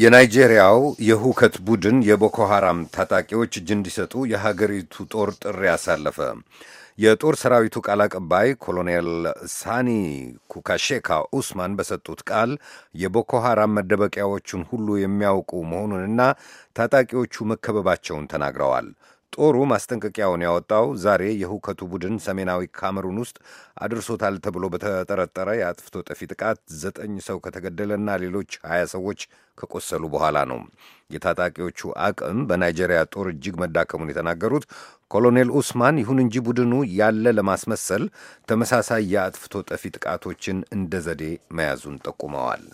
የናይጄሪያው የሁከት ቡድን የቦኮ ሐራም ታጣቂዎች እጅ እንዲሰጡ የሀገሪቱ ጦር ጥሪ አሳለፈ። የጦር ሰራዊቱ ቃል አቀባይ ኮሎኔል ሳኒ ኩካሼካ ኡስማን በሰጡት ቃል የቦኮ ሐራም መደበቂያዎቹን ሁሉ የሚያውቁ መሆኑንና ታጣቂዎቹ መከበባቸውን ተናግረዋል። ጦሩ ማስጠንቀቂያውን ያወጣው ዛሬ የሁከቱ ቡድን ሰሜናዊ ካሜሩን ውስጥ አድርሶታል ተብሎ በተጠረጠረ የአጥፍቶ ጠፊ ጥቃት ዘጠኝ ሰው ከተገደለና ሌሎች ሀያ ሰዎች ከቆሰሉ በኋላ ነው። የታጣቂዎቹ አቅም በናይጄሪያ ጦር እጅግ መዳከሙን የተናገሩት ኮሎኔል ኡስማን፣ ይሁን እንጂ ቡድኑ ያለ ለማስመሰል ተመሳሳይ የአጥፍቶ ጠፊ ጥቃቶችን እንደ ዘዴ መያዙን ጠቁመዋል።